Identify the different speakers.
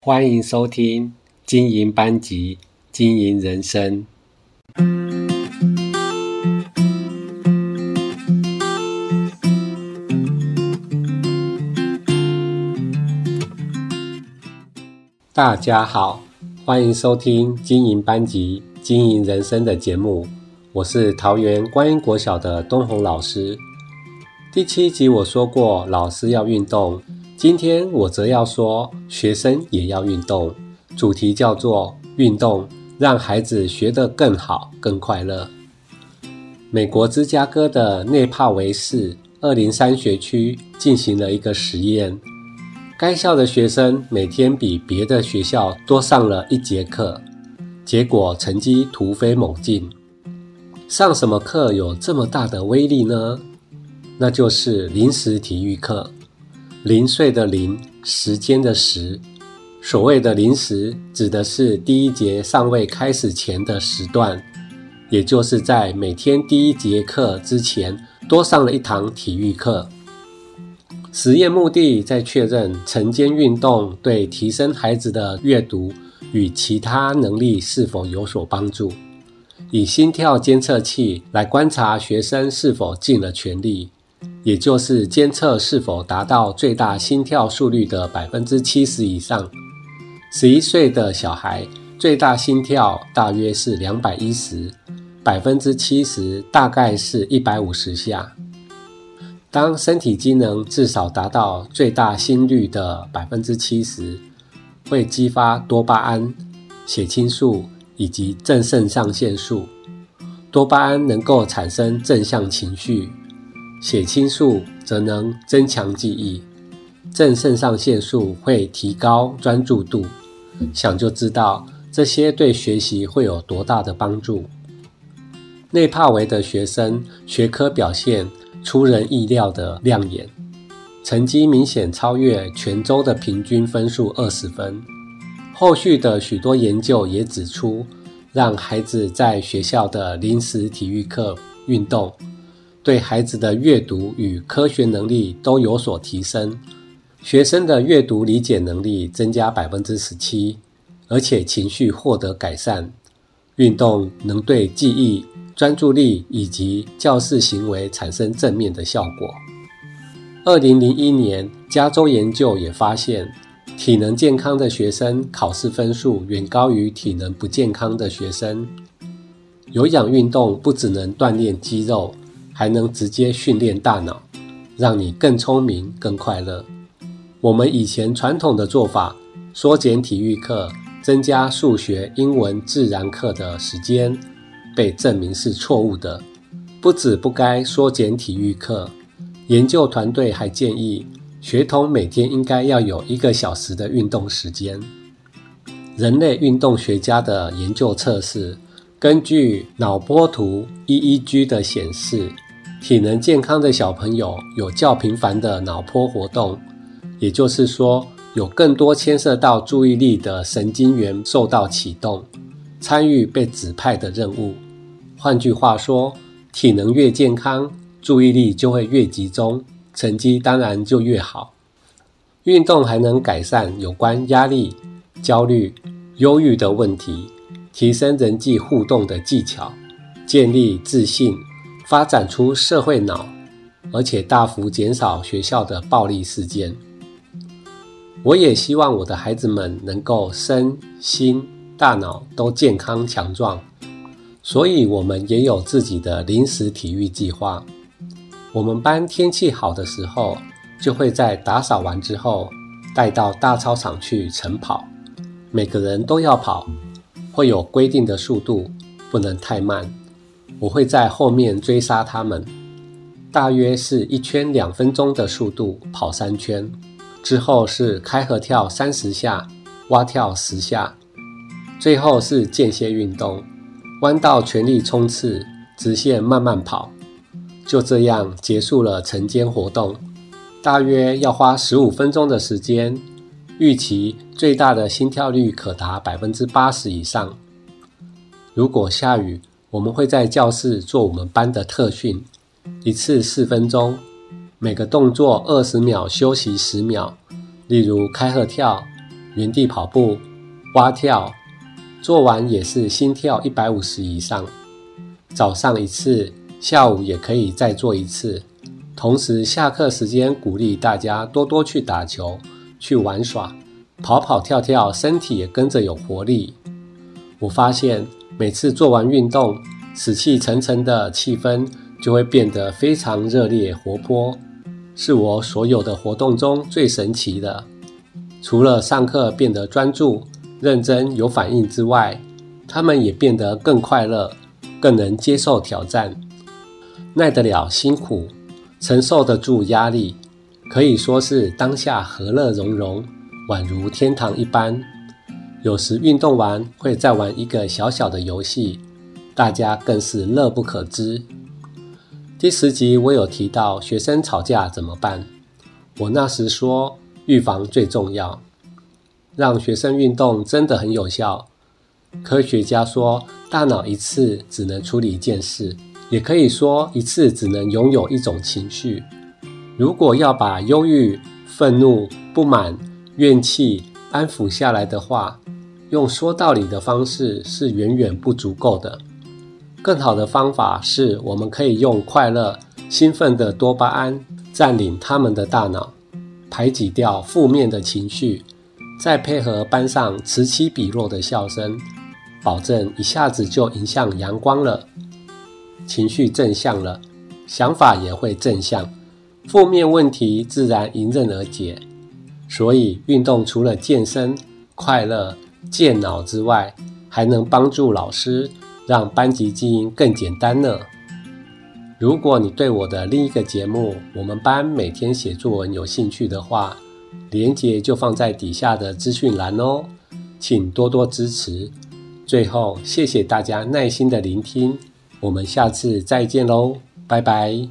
Speaker 1: 歡迎收聽《經營班級，經營人生》。大家好，歡迎收聽《經營班級，經營人生》的節目。我是桃園觀音國小的東紅老師。第七集我說過，老師要運動。今天我則要說，學生也要運動。主題叫做“運動讓孩子學得更好、更快樂”。美國芝加哥的內帕維市二零三學區進行了一個實驗，該校的學生每天比別的學校多上了一節課，結果成績突飛猛進。上什麼課有這麼大的威力呢？那就是零時體育課。零碎的零，時間的時，所謂的零時指的是第一節尚未開始前的時段，也就是在每天第一節課之前多上了一堂體育課。實驗目的在確認晨間運動對提升孩子的閱讀與其他能力是否有所幫助，以心跳監測器來觀察學生是否盡了全力。也就是監測是否達到最大心跳速率的百分之七十以上。十一歲的小孩最大心跳大約是兩百一十，百分之七十大概是一百五十下。當身體機能至少達到最大心率的百分之七十，會激發多巴胺、血清素以及正腎上腺素。多巴胺能夠產生正向情緒。血清素則能增強記憶，正腎上腺素會提高專注度，想就知道這些對學習會有多大的幫助。內帕維的學生學科表現出人意料的亮眼，成績明顯超越全州的平均分數二十分。後續的許多研究也指出，讓孩子在學校的零時體育課運動。對孩子的閱讀與科學能力都有所提升，學生的閱讀理解能力增加百分之十七，而且情緒獲得改善。運動能對記憶、專注力以及教室行為產生正面的效果。二零零一年，加州研究也發現，體能健康的學生考試分數遠高於體能不健康的學生。有氧運動不只能鍛鍊肌肉。還能直接訓練大腦，讓你更聰明、更快樂。我們以前傳統的做法，縮減體育課，增加數學、英文、自然課的時間，被證明是錯誤的。不止不該縮減體育課，研究團隊還建議學童每天應該要有一個小時的運動時間。人類運動學家的研究測試，根據腦波圖 EEG 的顯示。體能健康的小朋友有較頻繁的腦波活動，也就是說，有更多牽涉到注意力的神經元受到啟動，參與被指派的任務。換句話說，體能越健康，注意力就會越集中，成績當然就越好。運動還能改善有關壓力、焦慮、憂鬱的問題，提升人際互動的技巧，建立自信。發展出社會腦，而且大幅減少學校的暴力事件，我也希望我的孩子們能夠身心大腦都健康強壯，所以我們也有自己的零時體育計劃。我們班天氣好的時候，就會在打掃完之後帶到大操場去晨跑，每個人都要跑，會有規定的速度，不能太慢。我會在後面追殺他們，大約是一圈兩分鐘的速度跑三圈，之後是開合跳三十下，蛙跳十下，最後是間歇運動，彎道全力衝刺，直線慢慢跑，就這樣結束了晨間活動，大約要花十五分鐘的時間，預期最大的心跳率可達百分之八十以上。如果下雨。我們會在教室做我們班的特訓，一次四分鐘，每個動作二十秒，休息十秒。例如開合跳、原地跑步、蛙跳，做完也是心跳一百五十以上。早上一次，下午也可以再做一次。同時，下課時間鼓勵大家多多去打球、去玩耍、跑跑跳跳，身體也跟着有活力。我發現。每次做完運動，死氣沉沉的氣氛就會變得非常熱烈活潑，是我所有的活動中最神奇的。除了上課變得專注、認真、有反應之外，他們也變得更快樂，更能接受挑戰，耐得了辛苦，承受得住壓力，可以說是當下和樂融融，宛如天堂一般。有時運動完會再玩一個小小的遊戲，大家更是樂不可支。第十集我有提到學生吵架怎麼辦，我那時說預防最重要，讓學生運動真的很有效。科學家說大腦一次只能處理一件事，也可以說一次只能擁有一種情緒。如果要把憂鬱、憤怒、不滿、怨氣安撫下來的話，用說道理的方式是遠遠不足夠的。更好的方法是，我們可以用快樂、興奮的多巴胺占領他們的大腦，排擠掉負面的情緒，再配合班上此起彼落的笑聲，保證一下子就迎向陽光了，情緒正向了，想法也會正向，負面問題自然迎刃而解。所以，運動除了健身、快樂。健腦之外，還能幫助老師讓班級經營更簡單呢。如果你對我的另一個節目《我們班每天寫作文》有興趣的話，連結就放在底下的資訊欄哦，請多多支持。最後，謝謝大家耐心的聆聽，我們下次再見嘍，拜拜。